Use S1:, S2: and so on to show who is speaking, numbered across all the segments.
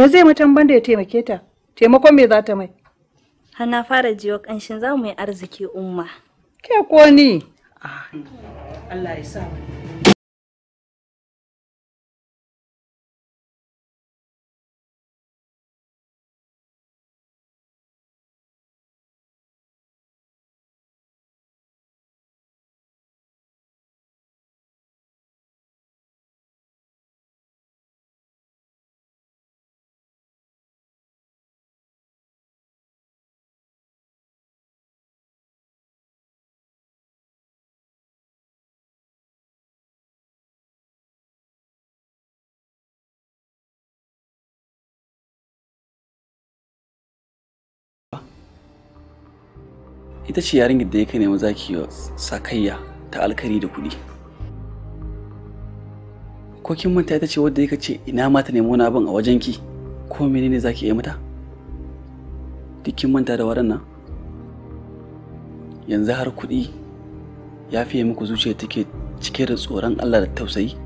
S1: me zai mutum banda ya taimake ta taimakon me za ta mai har na fara jiwa kanshin za mu yi arziki umma
S2: ke ko ni ah, Allah ya sa mu
S3: ita ce yarinyar da ya kai nemi zaki yi sakayya ta alkari da kuɗi ko kin manta ita ce wadda yake ce ina mata ta nemi abin a wajenki ko menene zaki yi mata duk kin manta da waɗannan yanzu har kuɗi ya fiye muku zuciya take cike da tsoron Allah da tausayi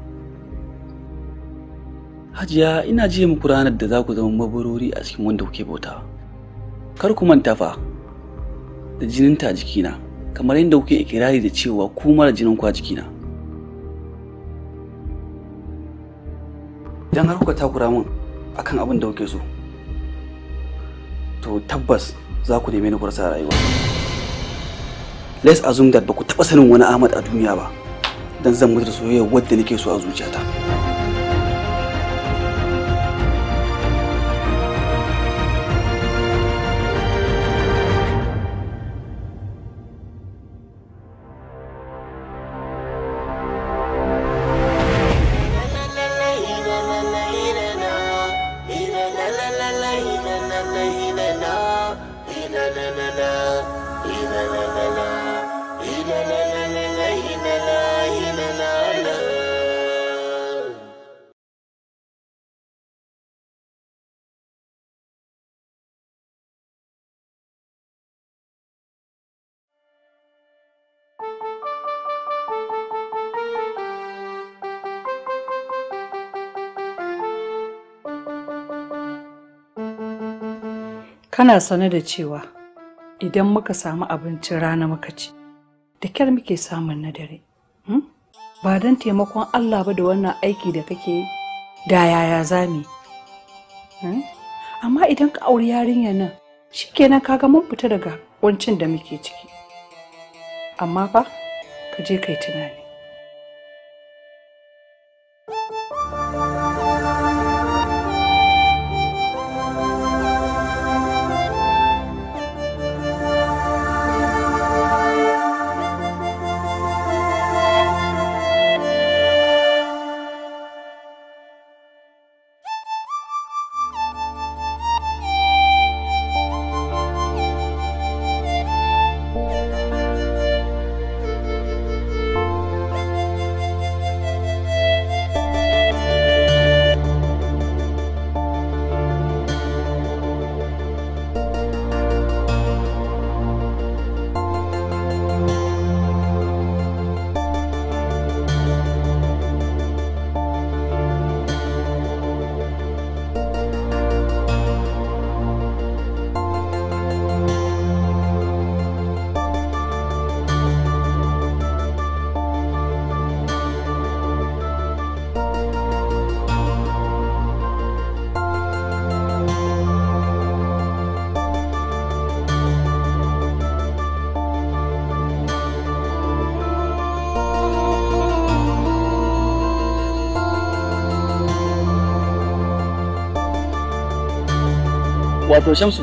S3: Hajiya ina jiya muku ranar da za ku zama mabarori a cikin wanda kuke bautawa kar ku manta fa da jininta a jikina kamar yadda kuke ikirari da cewa ku mara jinin ku jiki jikina idan har kuka takura min akan abin da kuke so to tabbas za ku neme ni ku rayuwa let's assume that ba ku taɓa sanin wani ahmad a duniya ba dan zan mutu da soyayya wadda nake so a zuciyata.
S1: kana sane da cewa idan muka samu abincin rana muka ci da kyar muke samun na dare hmm? ba don taimakon allah ba da wannan aiki da kake da yaya zami hmm? amma idan ka auri yarinyar nan shikenan ga mun fita daga wancin da muke ciki amma fa ka je kai tunani
S3: wato shamsu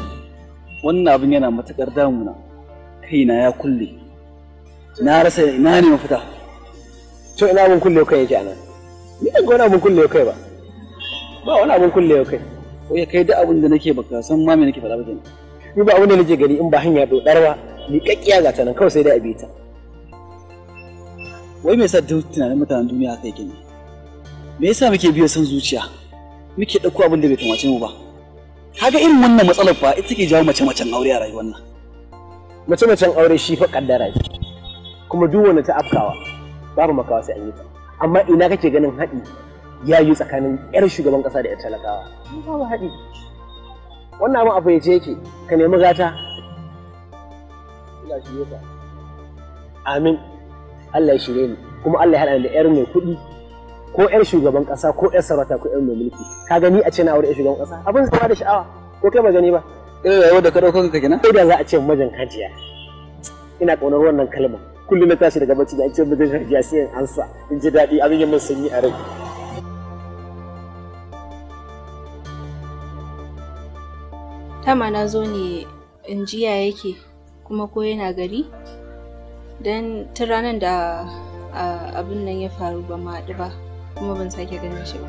S3: wannan abin yana matuƙar damuna kaina ya kulle na rasa ina ne mafita to ina mun kulle kai yake anan ni ban ga wani abin kulle kai ba ba wani abin kulle kai ko ya kai duk abin da nake baka san ma me nake faɗa ba ni ni ba abin da nake gani in ba hanya do darwa ni kakkiya ga ta nan kawai sai dai a bi ta wai me yasa duk tunanin mutanen duniya haka yake ne me yasa muke biyo san zuciya muke ɗauko abin da bai kamace mu ba kaga irin wannan matsalar fa ita take jawo mace macen aure a rayuwar nan mace macen aure shi fa kaddara ce kuma duk wanda ta afkawa babu makawa sai an yi ta amma ina kake ganin haɗi ya yi tsakanin yar shugaban ƙasa da yar talakawa babu haɗi wannan abin a fayyace yake ka nemi gata ina shirye ka amin Allah ya shirye ni kuma Allah ya hada ni da yar mai kuɗi ko yar shugaban kasa ko yar sarauta ko yar mai mulki ka gani a ce na aure shugaban kasa abin zama da sha'awa ko kai ba gani ba eh rayuwar da ka dauko gina? kenan idan za a ce mijin hajiya ina kaunar wannan kalma kullum na tashi daga bacci da an ce mijin hajiya sai in ansa in ji daɗi abin yin min sanyi a rai
S1: tama na zo ne in jiya yake kuma ko yana gari don ta ranar da abin nan ya faru ba ma ba kuma ban sake ganin shi ba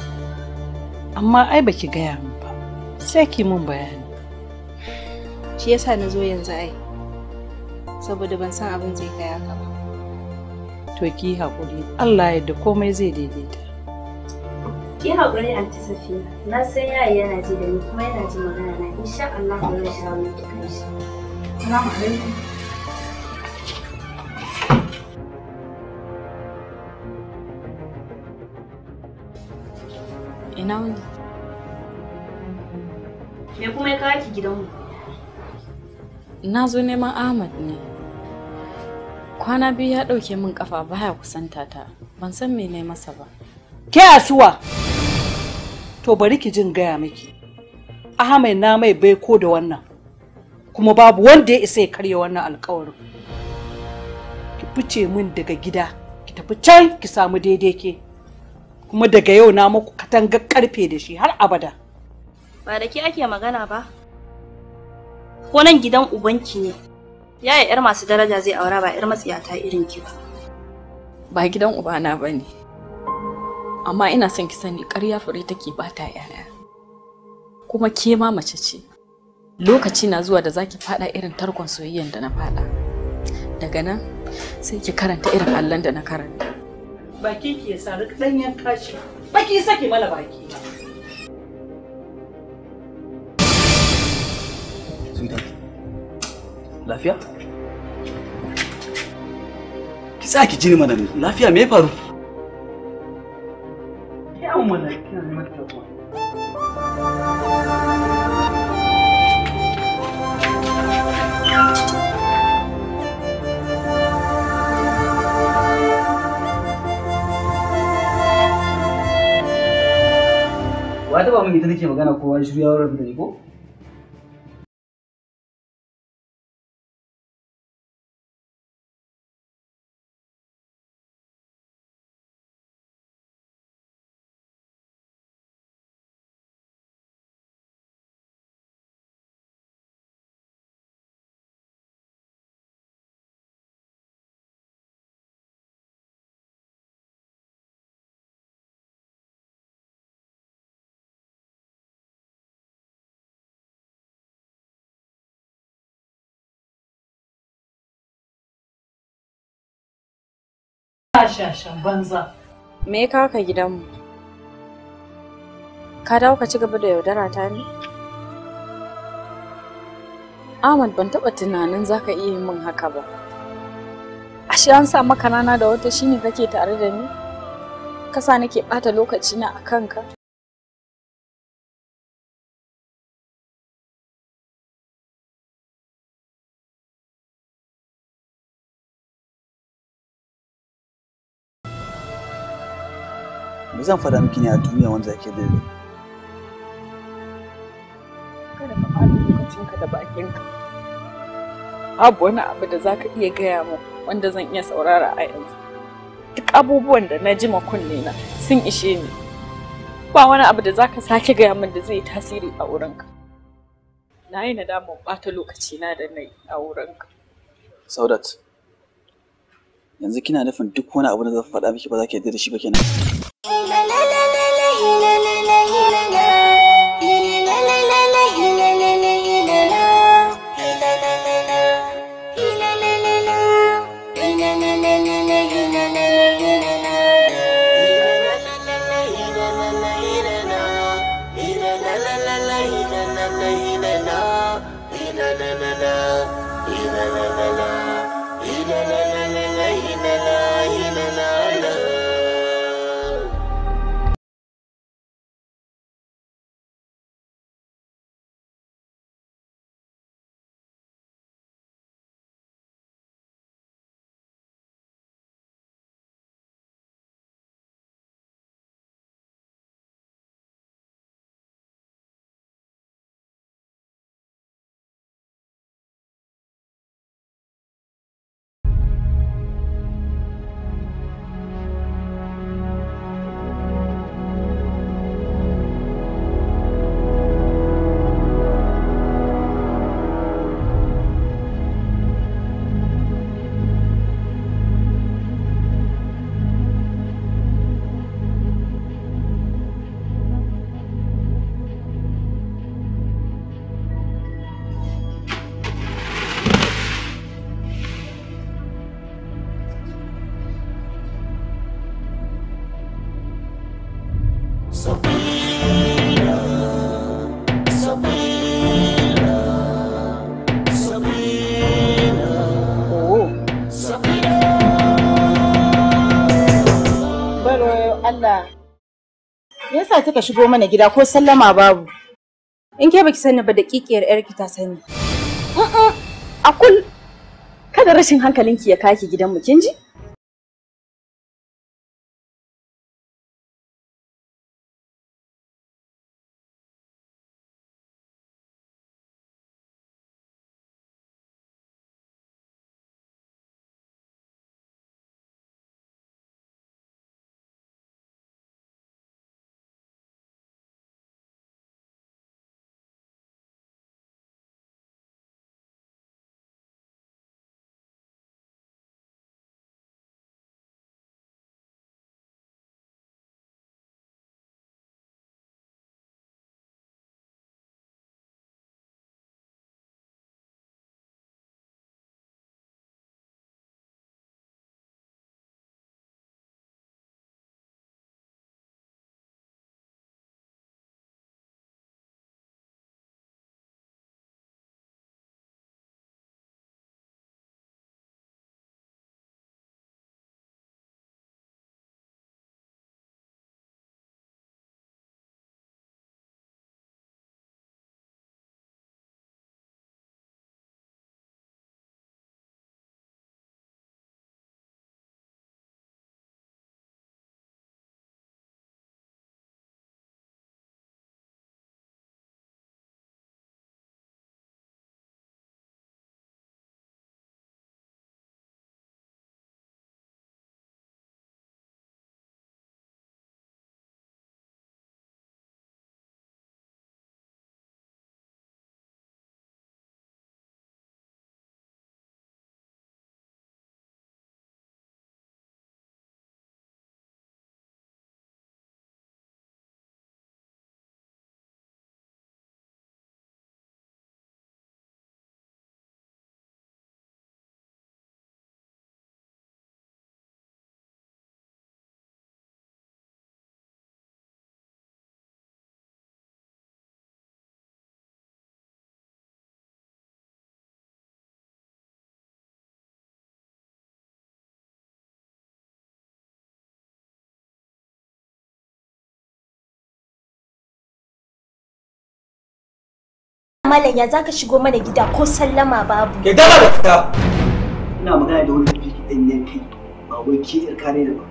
S1: amma ai baki gaya min ba sai ki mun bayani shi yasa na zo yanzu ai saboda ban san abin zai kai haka ba to ki haƙuri Allah ya da komai zai daidaita ki haƙuri anti safiya na san yayi yana ji da ni kuma yana ji magana na insha Allah ba shawo miki kai shi assalamu alaikum
S4: Ina wuni Me
S1: kuma ya kawo ki gidanmu?
S4: Na zo neman Ahmad ne. Kwana biyu ya ɗauke min ƙafa baya kusanta ta. Ban san me ne masa ba.
S2: Ke asuwa!
S1: To bari ki jin gaya miki. Ahmad na mai bai ko da wannan. Kuma babu wanda ya isa ya karya wannan alkawarin. Ki fice min daga gida, ki tafi can ki samu daidai ke. kuma daga yau na muku katanga karfe da shi har abada ba da ke ake magana ba ko
S4: nan gidan ubanki ne
S1: yaya yar masu daraja zai aura ba yar matsiyata irin ki ba
S4: ba gidan ubana ba ne amma ina son ki sani ƙarya fure take ba ta yaya kuma ke ma mace ce lokaci na zuwa da zaki faɗa irin tarkon soyayyar da na faɗa. daga nan sai ki karanta irin allon da na karanta
S1: baki ki ya sa rika danyen kashi baki saki mana baki
S3: lafiya ki tsaya ki jini mana lafiya me ya faru yawon mana kina neman tafiya min ita nake magana kowa shiru ya rabu da ni ko
S4: Shashen banza. Me ya kawo ka gidanmu? Ka dawo ka ci gaba da yaudara ta ne? Ahmad ban taɓa tunanin za ka iya min haka ba. Ashe an sa maka rana da wata shine kake tare da ni? Kasa nake ɓata lokacina a kanka?
S3: me zan faɗa miki ne a duniya wanda zake daidai
S4: kada ka lokacin ka da bakinka babu wani abu da zaka iya gaya mu wanda zan iya saurara a yanzu duk abubuwan da na ji kunne na sun ishe ni ba wani abu da zaka sake gaya min da zai yi tasiri a wurinka na yi nadamar ɓata lokaci na da na yi a wurinka
S3: saudat yanzu kina nufin duk wani abu da zan faɗa miki ba za ki yarda da shi ba kenan
S1: yasa kika shigo mana gida ko sallama babu? In ke baki sani ba daƙiƙiyar yarki ta sani.
S2: A kul kada rashin hankalinki ya kaki gidan mu ji? malam ya zaka shigo mana gida ko sallama babu. Ke gama da fita. Ina magana da wani fiki ɗan yankai ba wai ke irka ne ba.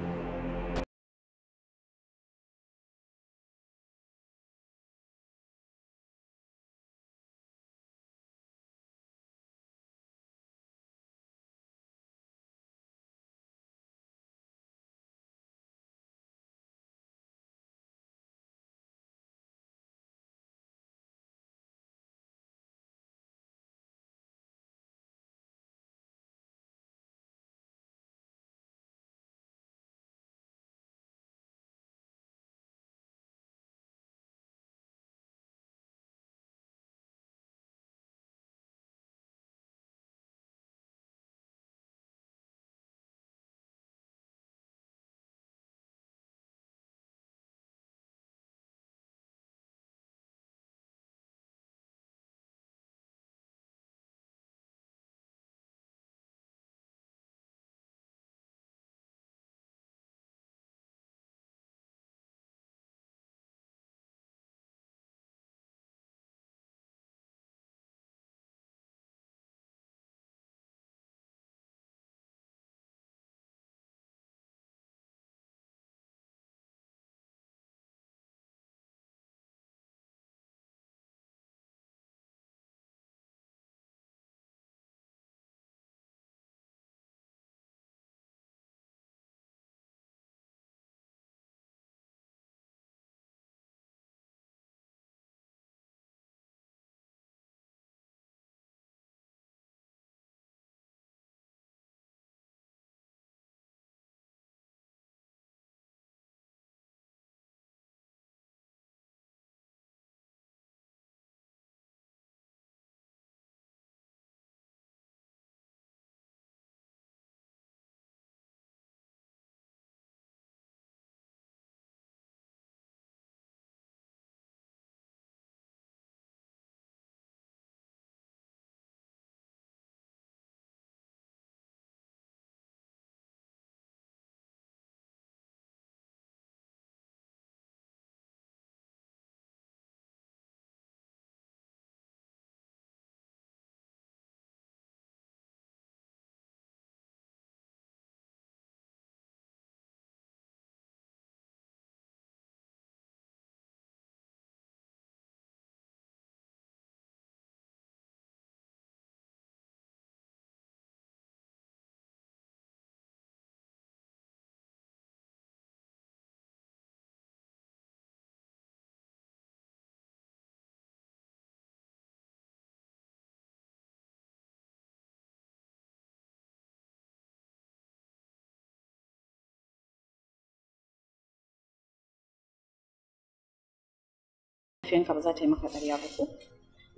S4: mahaifiyanka ba za ta yi maka ƙarya ba ko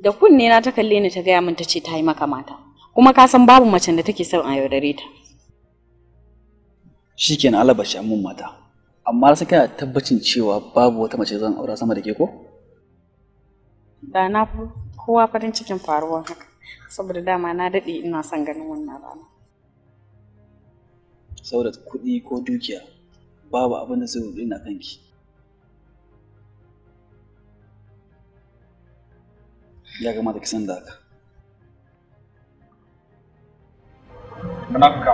S4: da kunne na ta kalle ni ta gaya min ta ce ta yi maka mata kuma ka san babu macen da take son a yaudare ta
S3: shikenan Allah ba shi amin mata amma sai kana tabbacin cewa babu wata mace zan aura sama da ke ko
S4: da na kowa farin cikin faruwa haka saboda dama na daɗe ina son ganin wannan rana
S3: saboda kuɗi ko dukiya babu abin da zai rudu na kanki ya gama da kisan da haka munafika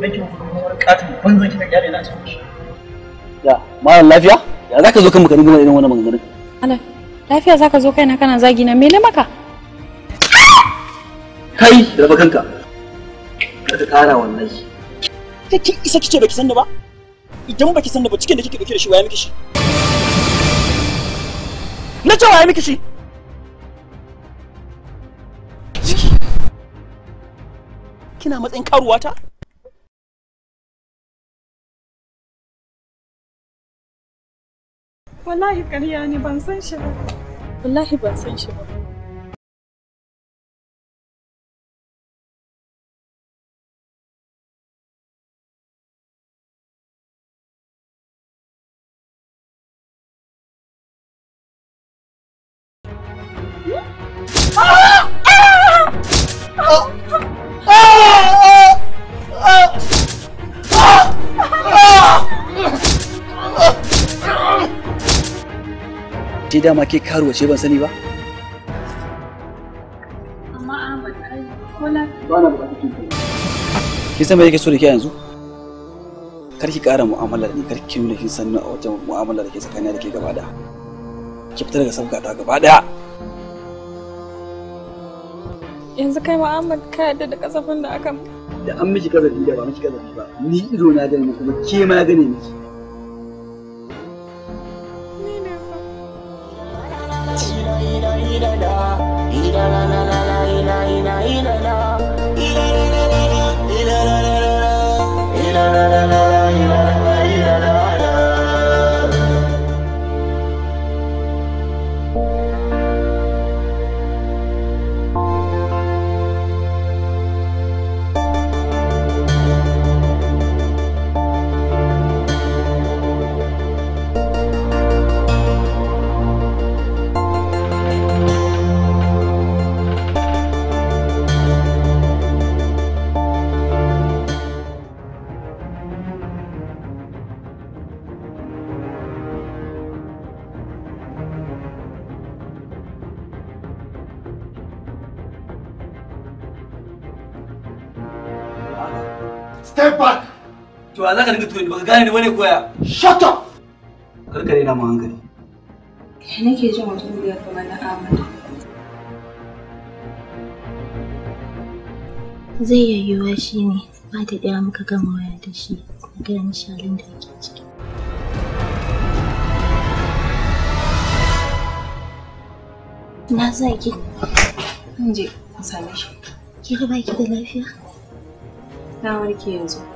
S3: nake hukumar katin banzan ki ta kyale na cikin shi ya malam lafiya ya ka zo kan makarin gama irin wannan maganganun
S4: ana lafiya ka zo kaina kana zagi na mele maka
S3: kai da bakanka ka ta kara wallahi kake isa kice baki san da ba idan baki san da ba cikin da kike dauke da shi waye miki shi na ce waye miki shi kina matsayin karuwata
S2: wallahi ƙarya ne ban san shi ba wallahi ban san shi ba
S3: dama ke karuwa ce ban sani ba
S4: amma Ahmad ai ko lafiya ba na bukatar
S3: kin san me yake so da yanzu kar ki kara mu'amala da ni kar ki nuna kin san a wajen mu'amala da ke tsakani da ke gaba da ki fitar da sabgata gaba daya
S4: yanzu kai Muhammad ka yadda da kasafin da aka
S3: da an miki kazafi da ba miki kazafi ba ni ido na gani kuma ke ma gane miki
S5: da la la la la la la la.
S3: to za ka riga tuni baka gane ni bane koya shut up karkare na mu hankali
S1: ya eh, nake jin mutum biya kamar na amana zai yayyuwa shi ne ba da ɗaya muka gama waya da shi a gaya shalin da yake ciki na sa ki je same shi ki ba ki da lafiya na warke yanzu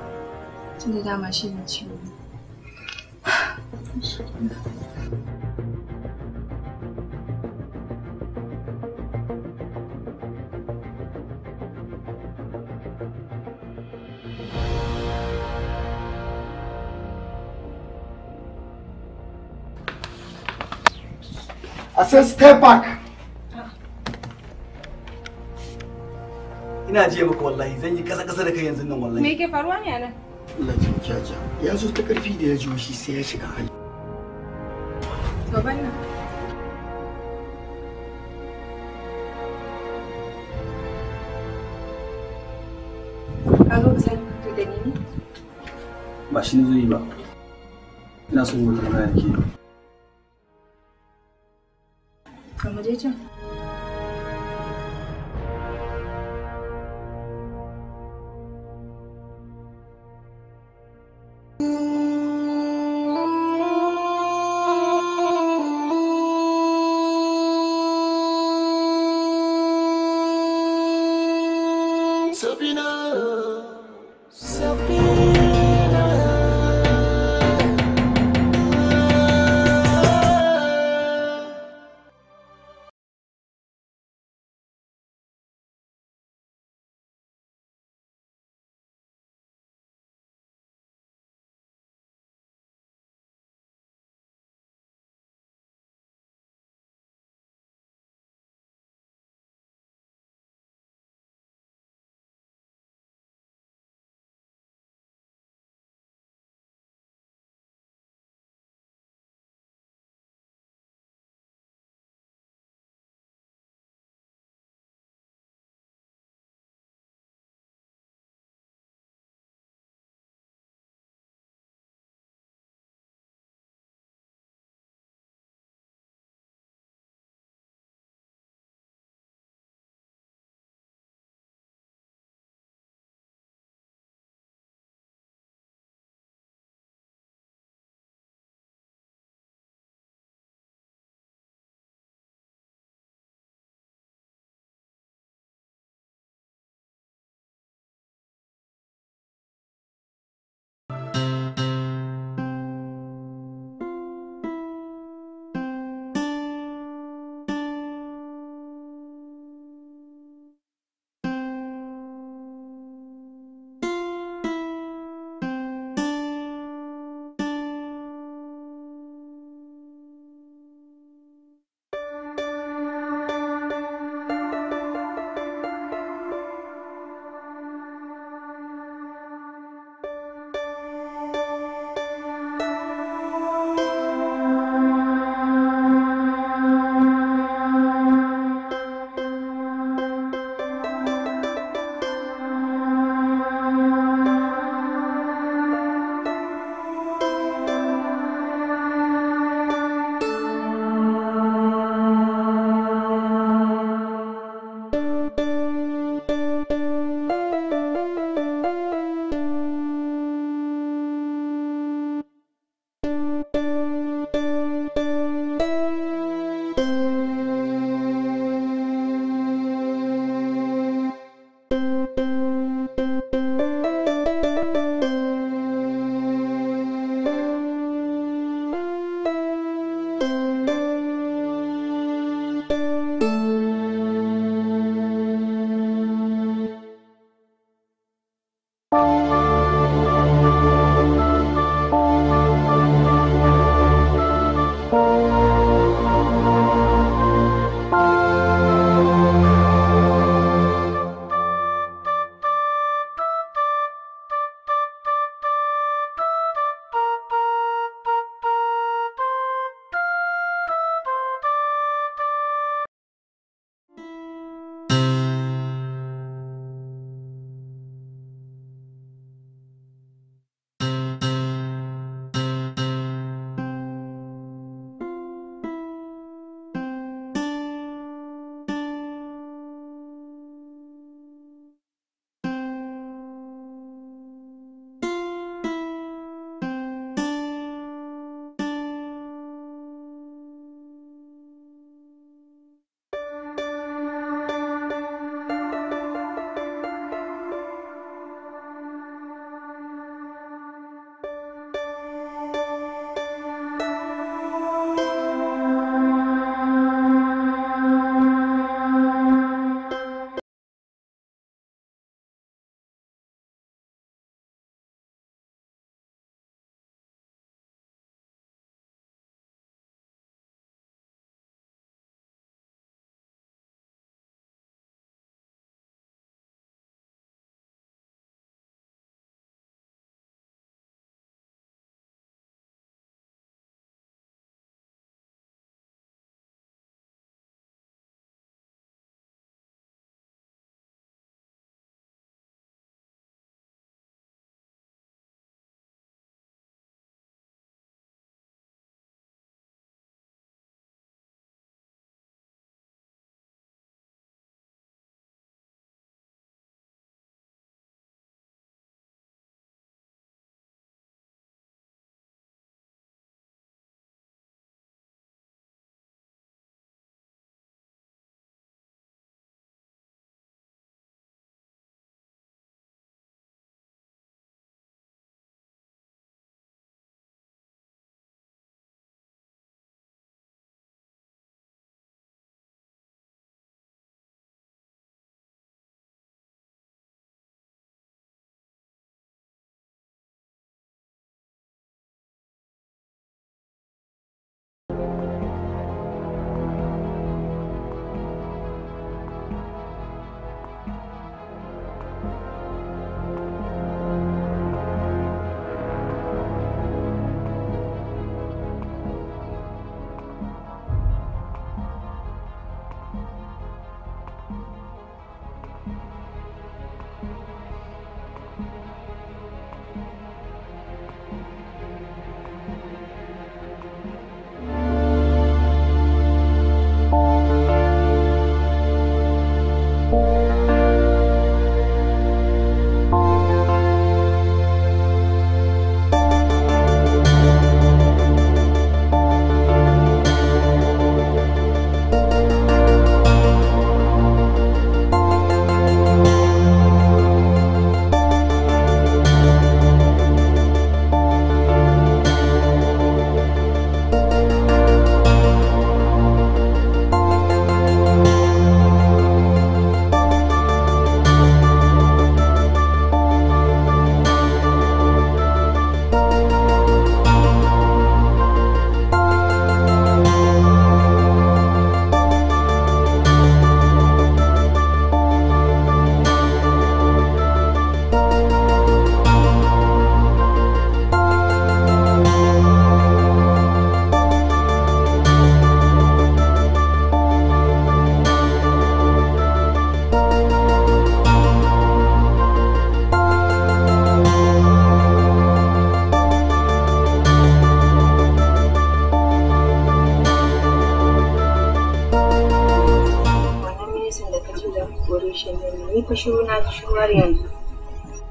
S1: tunda ma shi ne ciwo
S4: I said step back.
S3: Ina jiya maka wallahi zan yi kasa-kasa da kai yanzu nan wallahi. Me
S1: ke faruwa ne a nan?
S3: ina jin ya zo ta karfi da ya ji shi sai ya shiga hali gaban nan ba shi ne yi ba ina son wani ke
S1: can
S5: Música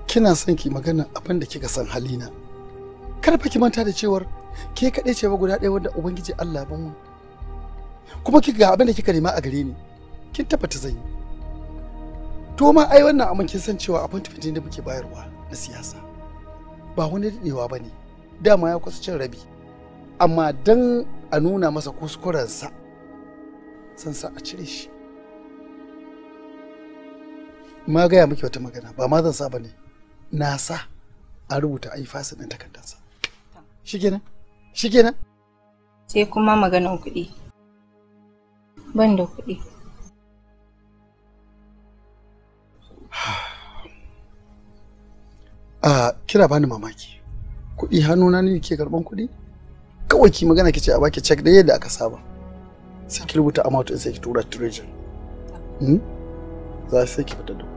S3: Kina son ki magana abin da kika san halina. kar fa ki manta da cewar ke kaɗai ce ba guda ɗaya wanda Ubangiji Allah ban mu. Kuma kika ga abin da kika nema a gare ni. Kin tabbata zan yi. To ma ai wannan amma kin san cewa abin tafin da muke bayarwa na siyasa. Ba wani daɗewa ba ne. Dama ya kusa cin rabi. Amma dan a nuna masa kuskurensa. sa a cire shi. ma gaya miki wata magana ba ma zan sa ba ne na sa a rubuta ai fasa ɗin takardarsa shi kenan shi kenan
S1: sai kuma maganan kuɗi ban da kuɗi
S3: a ah, kira bani mamaki kuɗi hannuna ne ke karɓan kuɗi kawai ki magana kice a baki check da yadda aka saba sai ki rubuta amount sai ki tura treasure hmm? za sai ki fita da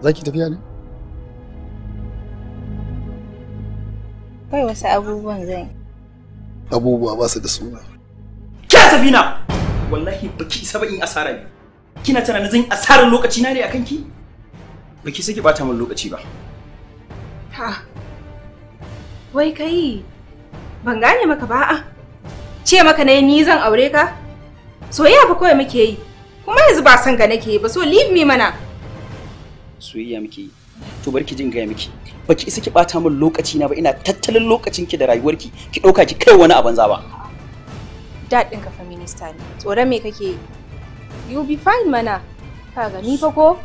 S3: za ki tafiya ne? Kai wasu abubuwan zan yi. Abubuwa ba su da suna. Ke Sabina! Wallahi baki isa ba in asara ne. Kina tunanin zan yi asarar lokaci na ne a ki? Baki sake bata min lokaci ba.
S1: Ha! Wai kai! Ban gane maka ba a. Ce maka ne ni zan aure ka? Soyayya fa kawai muke yi. Kuma yanzu ba san ga nake ba so leave me mana.
S3: soyayya muke yi to barki jin gaya miki baki isa ki bata min lokaci na ba ina tattalin lokacin ki da rayuwar ki dauka ki kai wani a banza ba
S1: dadin ka minista ne tsore me kake you be fine mana ka ni fa ko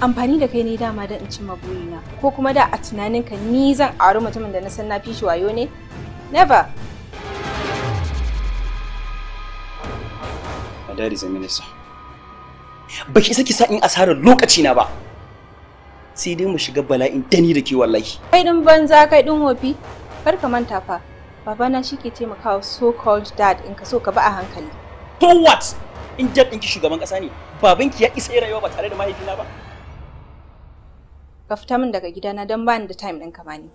S1: amfani da kai ne dama da in cimma burina ko kuma da a tunaninka ni zan auri mutumin da na san na fishi wayo ne never
S3: That is a minister. Baki ki saki sa in asarar lokaci na ba sai dai mu shiga bala'in dani da ke wallahi
S1: kai din banza kai din wofi kar ka manta fa babana shike taimakawa so called dad in ka so ka ba
S3: a hankali to what in dad ki shugaban kasa ne babanki ya isa rayuwa ba tare da mahaifina ba
S1: ka fita min daga gidana don bani da time ɗin ka bani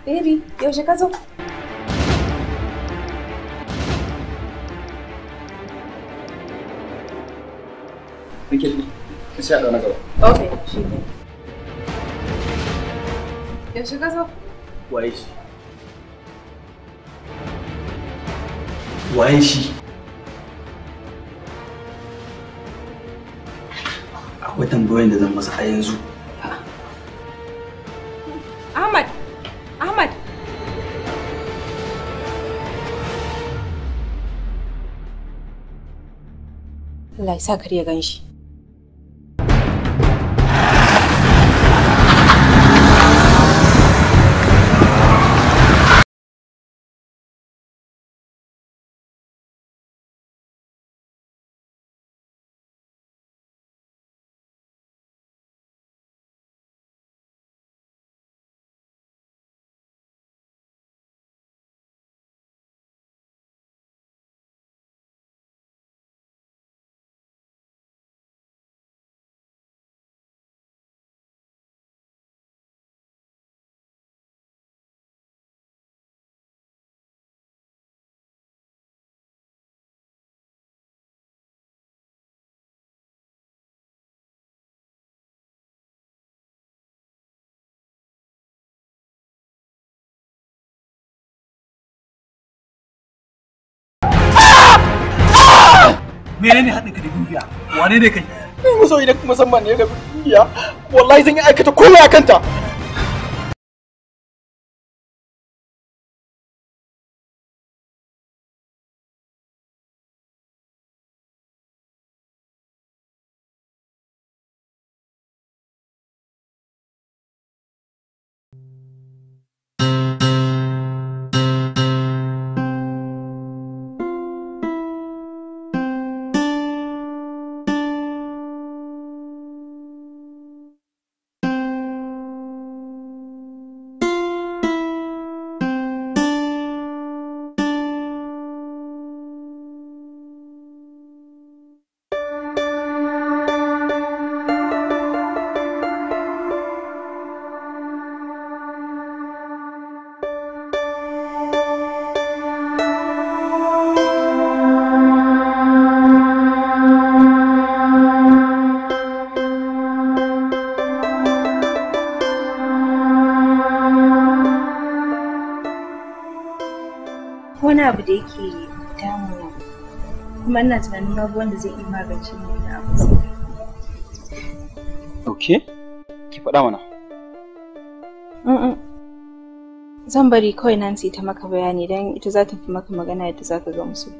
S1: Beri, yaushe ka zo?
S3: Nake ka sai a na gaba. Okay, Yaushe ka zo? Waye shi? Waye shi? Akwai tambayoyin da zan masa a yanzu.
S1: Ahmad, Ahmad. Allah ya sa kar ya gan shi.
S3: menene haɗin ka da gimbiya wane ne kai ni musoyi da kuma san ne ga gimbiya wallahi zan yi aikata kowa a kanta
S1: abu da yake damu kuma ina tunanin babu wanda zai iya magance ni wannan abu
S3: ok ki faɗa mana
S1: zan bari kawai Nancy ta maka bayani don ita za ta fi maka magana yadda za ka gamsu.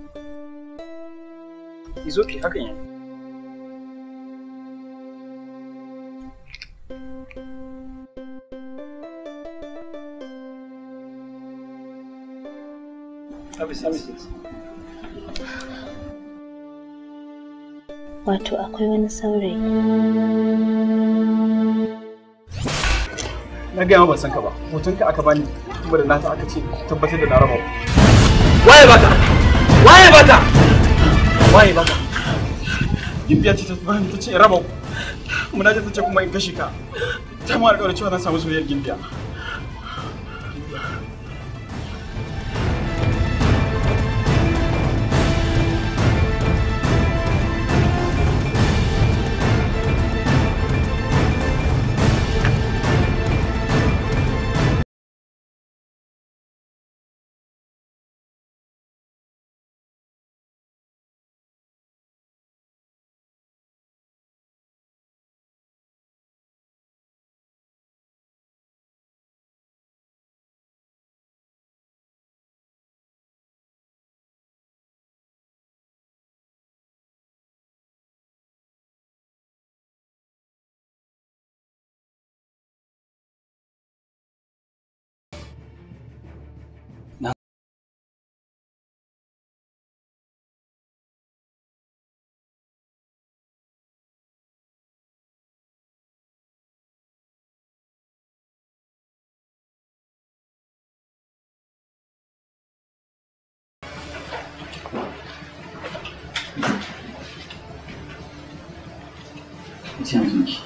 S2: Izo ki hakan yanzu.
S1: wato akwai wani saurayi
S3: na gaya ban san ka ba hoton ka aka bani kuma da nata aka ce tabbatar da na raba waye bata waye bata waye bata gimbiya ce ta bani ta ce raba kuma na ta ce kuma in kashe ka ta ma alƙawarin cewa na samu soyayyar gimbiya yanzu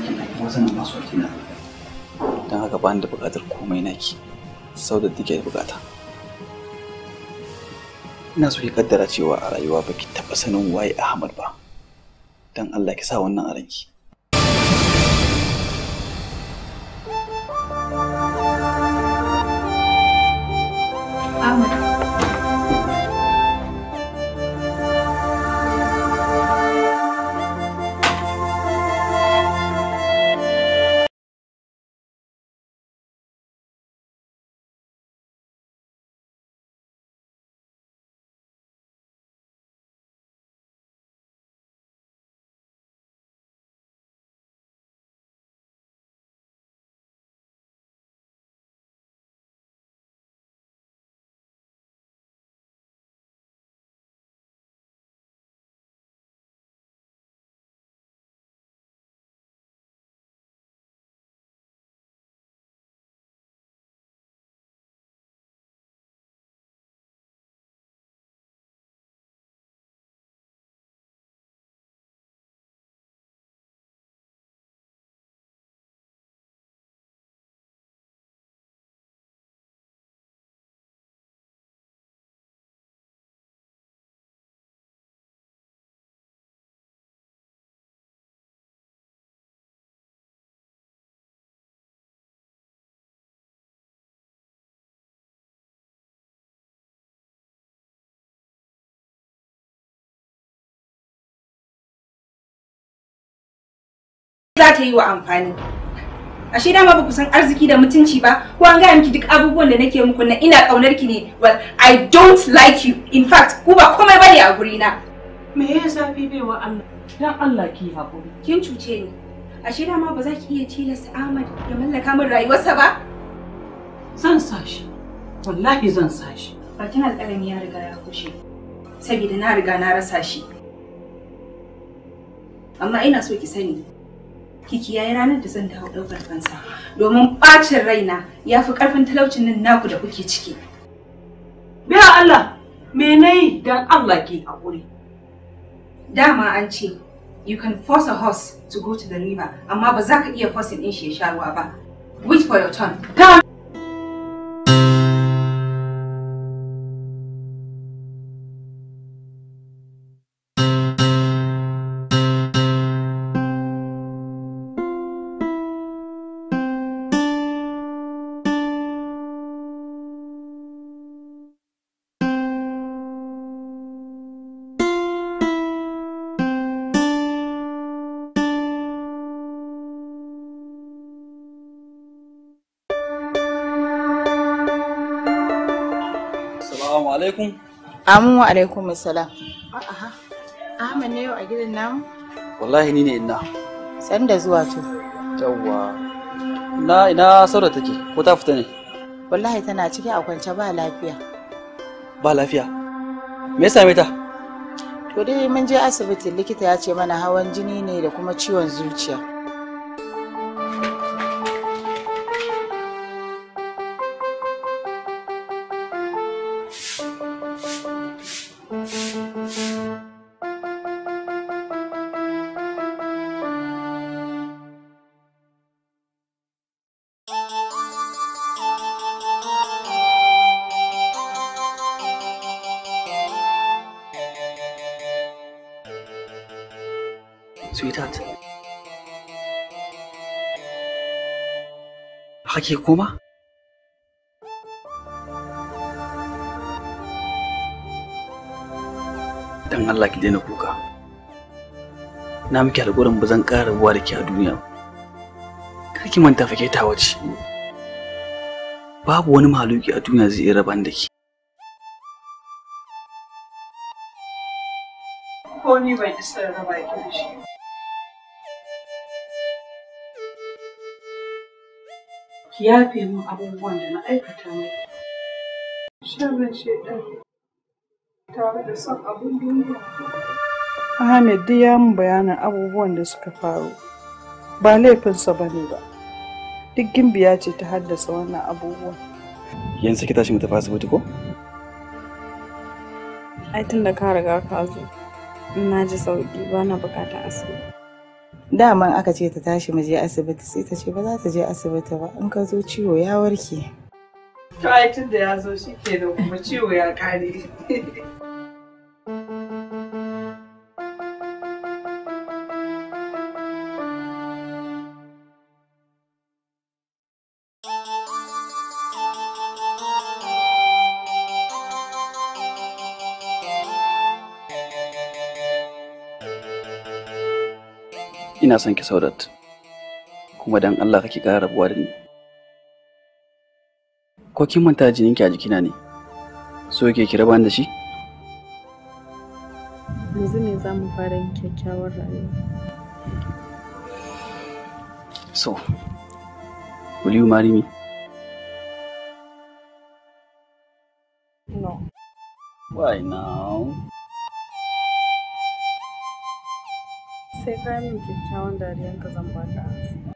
S3: ki kan na don haka ba ni da buƙatar komai naki sau da take da buƙata ina so ki kaddara cewa a rayuwa baki ki taɓa sanin waye Ahmad ba don Allah ki sa wannan a ranki
S2: za ta yi wa amfani ashe dama ba ku san arziki da mutunci ba ko an gaya miki duk abubuwan da nake
S1: muku na ina kaunar ki ne well i don't like you in fact ku ba komai bane a guri na me ya zafi bai wa Allah dan Allah ki hakuri kin cuce ni ashe dama ba za ki iya tilasta Ahmad ya mallaka min rayuwarsa ba zan sashi wallahi zan sashi bakin alƙalami ya riga ya kushe saboda na riga na rasa shi amma ina so ki sani ya yi ranar da zan dawo ɗaukar fansa domin ɓacin raina ya fi ƙarfin talaucin nan naku da kuke ciki. Biya Allah, me na yi don Allah ke haƙuri? Dama an ce, you can force a horse to go to the river, amma ba za ka iya forcing ɗin shi ya sha ruwa ba. Wait for your turn.
S4: Amin wa alaikum salam. A'a.
S1: Ahmad ne yau a gidan namu?
S3: Wallahi ni ne ina. San da zuwa to. Yawwa. Na ina saura take ko ta fita ne? Wallahi tana ciki
S1: a kwance ba lafiya.
S3: Ba lafiya. Me ya same ta?
S1: To dai mun je asibiti likita ya ce mana hawan jini ne da kuma ciwon zuciya.
S3: kake koma? Dan Allah ki daina kuka. Na miki alƙawarin ba zan ƙara ruwa da ke a duniya. Kar ki manta fake ta wace. Babu wani mahaluki a duniya zai iya raban da ki.
S1: Ko ni ban isa raba ki da shi. ki yafe min abubuwan da na aikata miki. Sharrin shaidan tare da son abin duniya.
S4: Ahmed duk ya min bayanin abubuwan da suka faru. Ba laifinsa ba ne ba. Duk gimbiya ce ta haddasa wannan abubuwan.
S3: Yanzu ki tashi mu tafi asibiti ko?
S4: Ai tun da ka riga ka zo. ina ji sauki ba na bukata asibiti.
S1: daman aka ce ta tashi mu je asibiti sai ta ce ba za ta je asibiti ba in ka zo ciwo ya warke to ai tun da ya zo shi ke da kuma ciwo ya kare
S3: ina son ki saudat kuma dan Allah kake ƙara rabuwa da ni ko kin manta jininki a jikina ne so yake ki raba da shi
S4: yanzu ne za mu fara yin kyakkyawar rayuwa
S3: so will you marry me
S4: no why now second, you can turn the anchors and buttons.